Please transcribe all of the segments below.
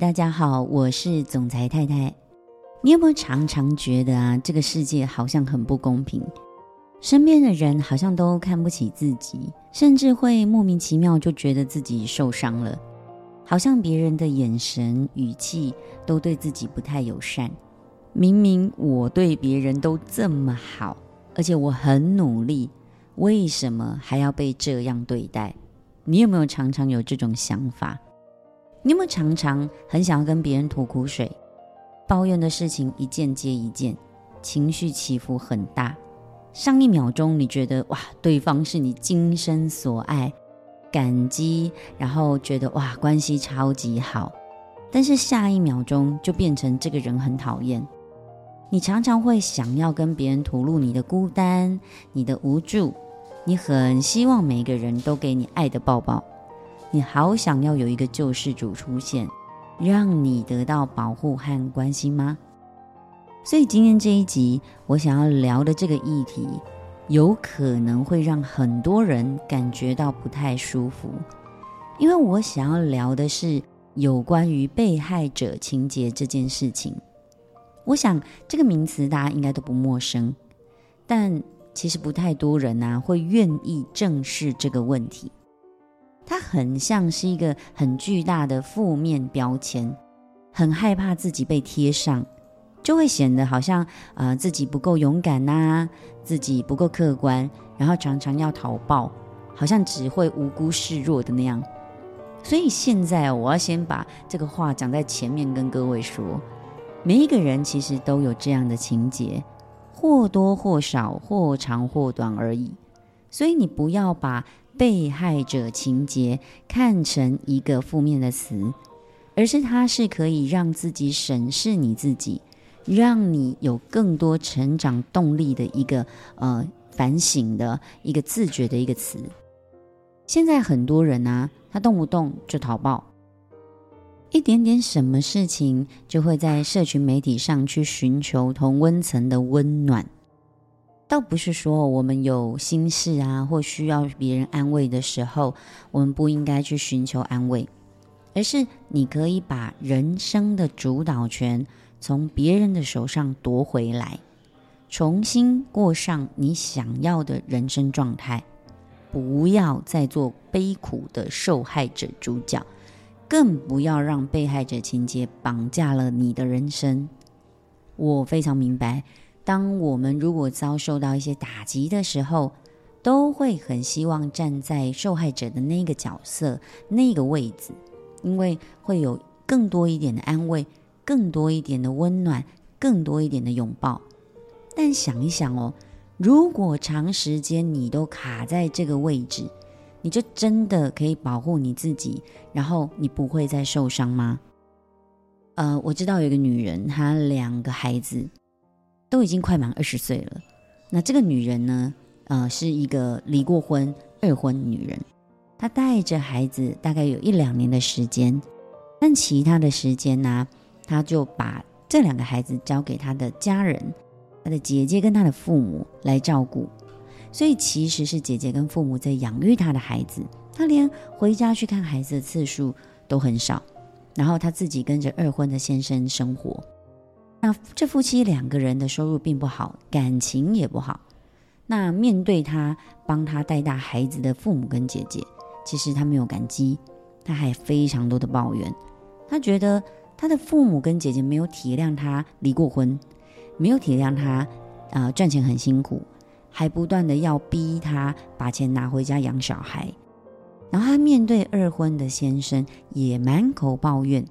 大家好，我是總裁太太。你有沒有常常覺得啊，這個世界好像很不公平？身邊的人好像都看不起自己，甚至會莫名其妙就覺得自己受傷了。好像別人的眼神、語氣都對自己不太友善。明明我對別人都這麼好，而且我很努力，為什麼還要被這樣對待？你有沒有常常有這種想法？你有沒有常常很想要跟別人吐苦水、抱怨的事情一件接一件，情緒起伏很大？上一秒鐘你覺得哇，對方是你今生所愛，感激，然後覺得哇，關係超級好，但是下一秒鐘就變成這個人很討厭。你常常會想要跟別人吐露你的孤單、你的無助，你很希望每個人都給你愛的抱抱。你好，想要有一個救世主出現，讓你得到保護和關心嗎？所以今天這一集，我想要聊的這個議題，有可能會讓很多人感覺到不太舒服，因為我想要聊的是有關於被害者情結這件事情。我想這個名詞大家應該都不陌生，但其實不太多人吶、啊、會願意正視這個問題。他很像是一個很巨大的負面標籤，很害怕自己被貼上，就會顯得好像啊、呃，自己不夠勇敢吶、啊，自己不夠客觀，然後常常要逃跑，好像只會無辜示弱的那樣。所以現在我要先把這個話講在前面，跟各位說，每一個人其實都有這樣的情節，或多或少、或長或短而已。所以你不要把。被害者情節看成一個負面的詞，而是它是可以讓自己審視你自己，讓你有更多成長動力的一個呃反省的一個自覺的一個詞。現在很多人啊，他動不動就討拍，一點點什麼事情就會在社群媒體上去尋求同溫層的溫暖。倒不是說我們有心事啊，或需要別人安慰的時候，我們不應該去尋求安慰，而是你可以把人生的主導權從別人的手上奪回來，重新過上你想要的人生狀態，不要再做悲苦的受害者主角，更不要讓被害者情結綁架了你的人生。我非常明白。當我們如果遭受到一些打擊的時候，都會很希望站在受害者的那個角色、那個位置，因為會有更多一點的安慰，更多一點的溫暖，更多一點的擁抱。但想一想哦，如果長時間你都卡在這個位置，你就真的可以保護你自己，然後你不會再受傷嗎？呃，我知道有一個女人，她兩個孩子。都已經快滿二十歲了，那這個女人呢？呃，是一個離過婚二婚女人，她帶着孩子大概有一兩年的時間，但其他的時間呢、啊，她就把這兩個孩子交給她的家人，她的姐姐跟她的父母來照顧，所以其實是姐姐跟父母在養育她的孩子，她連回家去看孩子的次數都很少，然後她自己跟着二婚的先生生活。那這夫妻兩個人的收入並不好，感情也不好。那面對他幫他帶大孩子的父母跟姐姐，其實他沒有感激，他還非常多的抱怨。他覺得他的父母跟姐姐沒有體諒他離過婚，沒有體諒他，啊、呃，賺錢很辛苦，還不斷的要逼他把錢拿回家養小孩。然後他面對二婚的先生也滿口抱怨。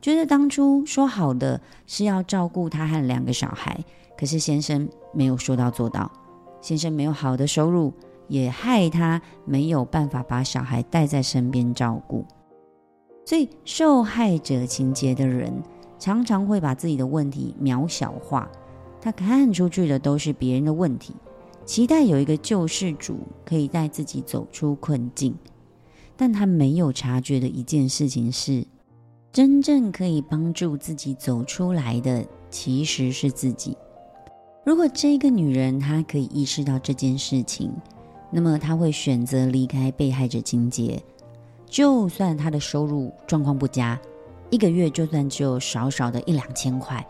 覺得當初說好的是要照顧他和兩個小孩，可是先生沒有說到做到。先生沒有好的收入，也害他沒有辦法把小孩帶在身邊照顧。所以受害者情結的人常常會把自己的問題渺小化，他看出去的都是別人的問題，期待有一個救世主可以帶自己走出困境。但他沒有察覺的一件事情是。真正可以幫助自己走出來的，其實是自己。如果這個女人她可以意識到這件事情，那麼她會選擇離開被害者情節。就算她的收入狀況不佳，一個月就算只有少少的一兩千塊，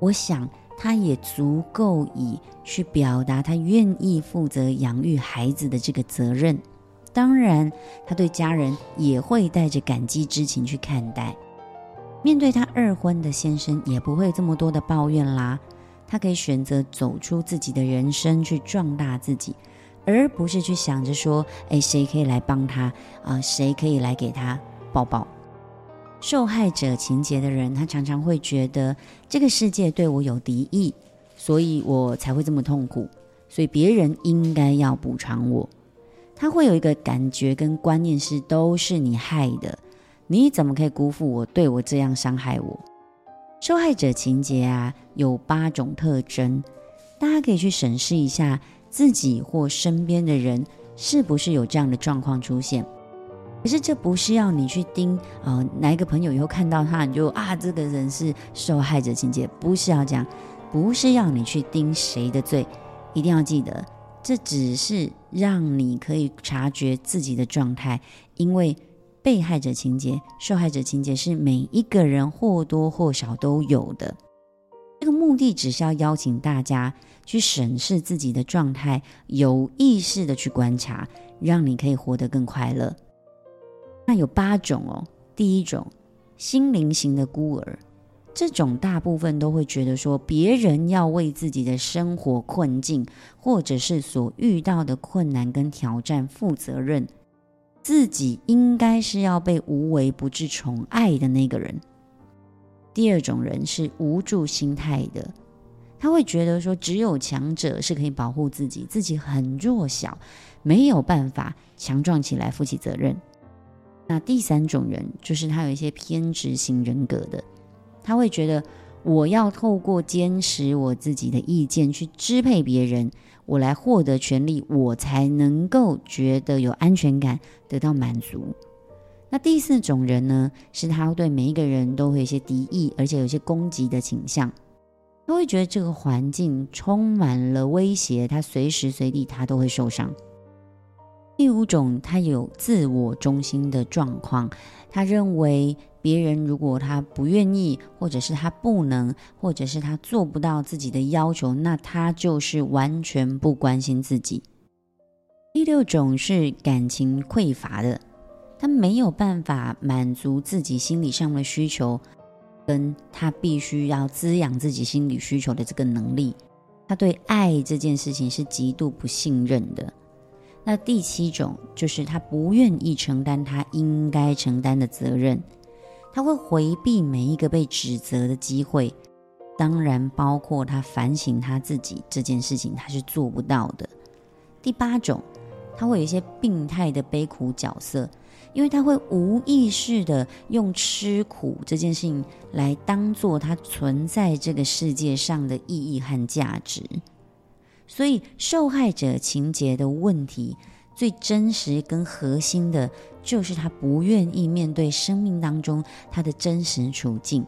我想她也足夠以去表達她願意負責養育孩子的這個責任。當然，她對家人也會帶着感激之情去看待。面對他二婚的先生，也不會這麼多的抱怨啦。他可以選擇走出自己的人生，去壯大自己，而不是去想着說：“哎，誰可以來幫他啊？誰可以來給他抱抱？”受害者情結的人，他常常會覺得這個世界對我有敵意，所以我才會這麼痛苦，所以別人應該要補償我。他會有一個感覺跟觀念是：都是你害的。你怎麼可以辜負我？對我這樣傷害我，受害者情節啊，有八種特徵，大家可以去審視一下自己或身邊的人是不是有這樣的狀況出現。可是這不是要你去盯，呃，哪一個朋友以後看到他你就啊，這個人是受害者情節，不是要講，不是要你去定誰的罪，一定要記得，這只是讓你可以察覺自己的狀態，因為，被害者情節、受害者情節是每一個人或多或少都有的。這個目的只是要邀請大家去審視自己的狀態，有意識地去觀察，讓你可以活得更快樂。那有八種哦。第一種，心靈型的孤兒，這種大部分都會覺得說，別人要為自己的生活困境或者是所遇到的困難跟挑戰負責任。自己應該是要被無微不至寵愛的那個人。第二種人是無助心態的，他會覺得說，只有強者是可以保護自己，自己很弱小，沒有辦法強壯起來負起責任。那第三種人就是他有一些偏執型人格的，他會覺得。我要透過堅持我自己的意見去支配別人，我來獲得權力，我才能夠覺得有安全感，得到滿足。那第四種人呢，是他對每一個人都會有些敵意，而且有些攻擊的傾向。他會覺得這個環境充滿了威脅，他隨時隨地他都會受傷。第五種，他有自我中心的狀況，他認為。別人如果他不願意，或者是他不能，或者是他做不到自己的要求，那他就是完全不關心自己。第六種是感情匱乏的，他沒有辦法滿足自己心理上的需求，跟他必須要滋養自己心理需求的這個能力，他對愛這件事情是極度不信任的。那第七種就是他不願意承擔他應該承擔的責任。他會回避每一個被指責的機會，當然包括他反省他自己這件事情，他是做不到的。第八種，他會有一些病態的悲苦角色，因為他會無意識地用吃苦這件事情來當做他存在這個世界上的意義和價值，所以受害者情節的問題。最真實跟核心的，就是他不願意面對生命當中他的真實處境，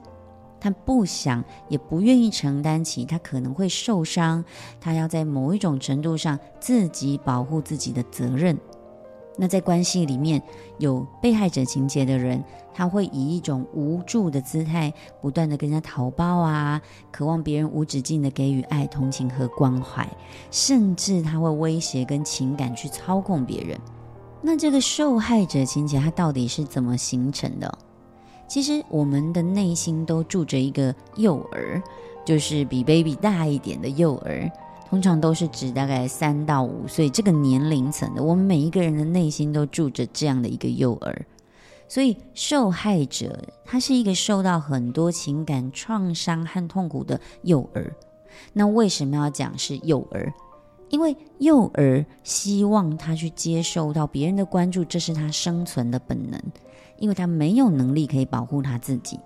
他不想也不願意承擔起他可能會受傷，他要在某一種程度上自己保護自己的責任。那在關係裡面有被害者情結的人，他會以一種無助的姿態，不斷地跟人家討抱啊，渴望別人無止境地給予愛、同情和關懷，甚至他會威脅跟情感去操控別人。那這個受害者情結它到底是怎麼形成的？其實我們的內心都住着一個幼兒，就是比 baby 大一點的幼兒。通常都是指大概三到五歲這個年齡層的，我們每一個人的內心都住着這樣的一個幼兒。所以受害者他是一個受到很多情感創傷和痛苦的幼兒。那為什麼要講是幼兒？因為幼兒希望他去接受到別人的關注，這是他生存的本能，因為他沒有能力可以保護他自己。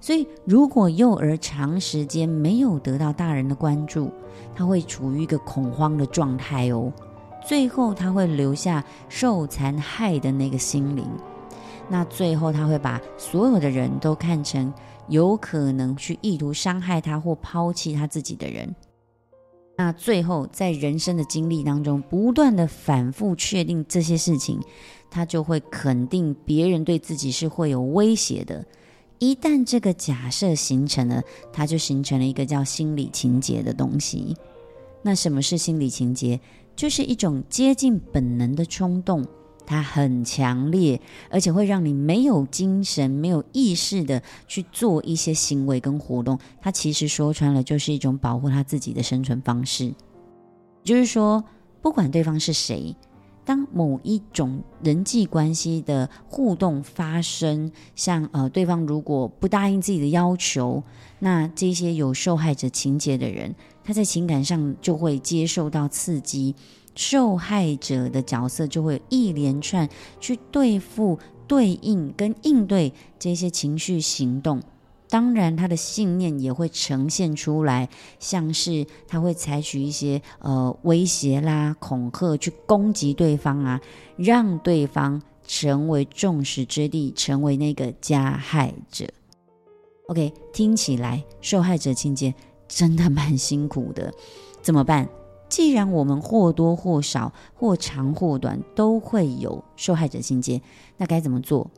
所以，如果幼兒長時間沒有得到大人的關注，他會處於一個恐慌的狀態哦。最後，他會留下受殘害的那個心靈。那最後，他會把所有的人都看成有可能去意圖傷害他或拋棄他自己的人。那最後，在人生的經歷當中，不斷的反復確定這些事情，他就會肯定別人對自己是會有威脅的。一旦這個假設形成了，它就形成了一個叫心理情結的東西。那什麼是心理情結？就是一種接近本能的衝動，它很強烈，而且會讓你沒有精神、沒有意識的去做一些行為跟活動。它其實說穿了，就是一種保護他自己的生存方式。就是說，不管對方是誰。當某一種人際關係的互動發生，像呃，對方如果不答應自己的要求，那這些有受害者情節的人，他在情感上就會接受到刺激，受害者的角色就會一連串去對付、對應跟應對這些情緒行動。當然，他的信念也會呈現出來，像是他會採取一些呃威脅啦、恐嚇去攻擊對方啊，讓對方成為眾矢之的，成為那個加害者。OK，聽起來受害者情節真的蠻辛苦的，怎麼辦？既然我們或多或少、或長或短都會有受害者情節，那該怎麼做？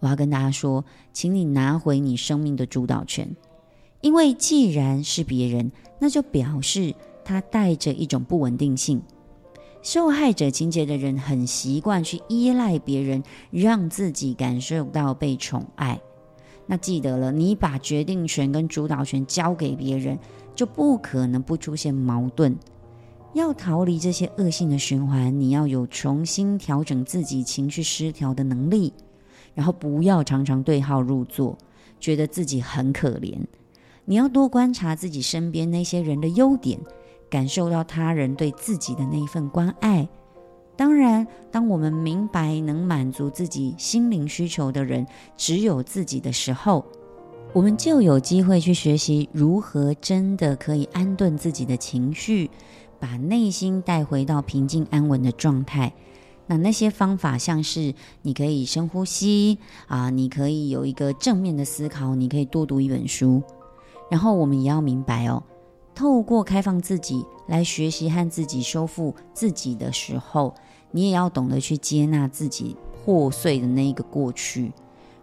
我要跟大家說，請你拿回你生命的主導權，因為既然是別人，那就表示他帶着一種不穩定性。受害者情結的人很習慣去依賴別人，讓自己感受到被寵愛。那記得了，你把決定權跟主導權交給別人，就不可能不出現矛盾。要逃離這些惡性的循環，你要有重新調整自己情緒失調的能力。然後不要常常對號入座，覺得自己很可憐。你要多觀察自己身邊那些人的優點，感受到他人對自己的那一份關愛。當然，當我們明白能滿足自己心靈需求的人只有自己的時候，我們就有機會去學習如何真的可以安頓自己的情緒，把內心帶回到平靜安穩的狀態。那那些方法，像是你可以深呼吸啊，你可以有一個正面的思考，你可以多讀一本書。然後我們也要明白哦，透過開放自己來學習和自己修復自己的時候，你也要懂得去接納自己破碎的那一個過去，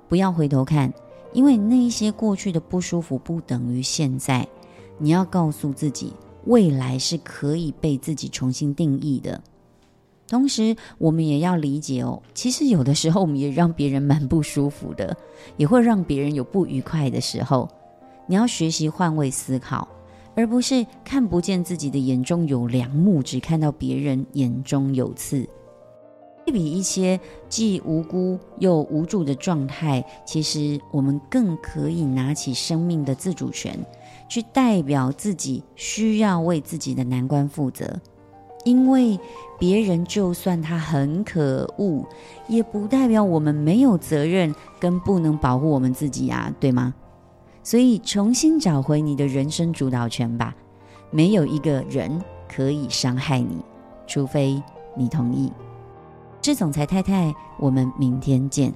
不要回頭看，因為那一些過去的不舒服不等於現在。你要告訴自己，未來是可以被自己重新定義的。同時，我們也要理解哦，其實有的時候，我們也讓別人蠻不舒服的，也會讓別人有不愉快的時候。你要學習換位思考，而不是看不見自己的眼中有梁木，只看到別人眼中有刺。對比一些既無辜又無助的狀態，其實我們更可以拿起生命的自主權，去代表自己，需要為自己的難關負責。因為別人就算他很可惡，也不代表我們沒有責任跟不能保護我們自己呀、啊，對嗎？所以重新找回你的人生主導權吧。沒有一個人可以傷害你，除非你同意。是總裁太太，我們明天見。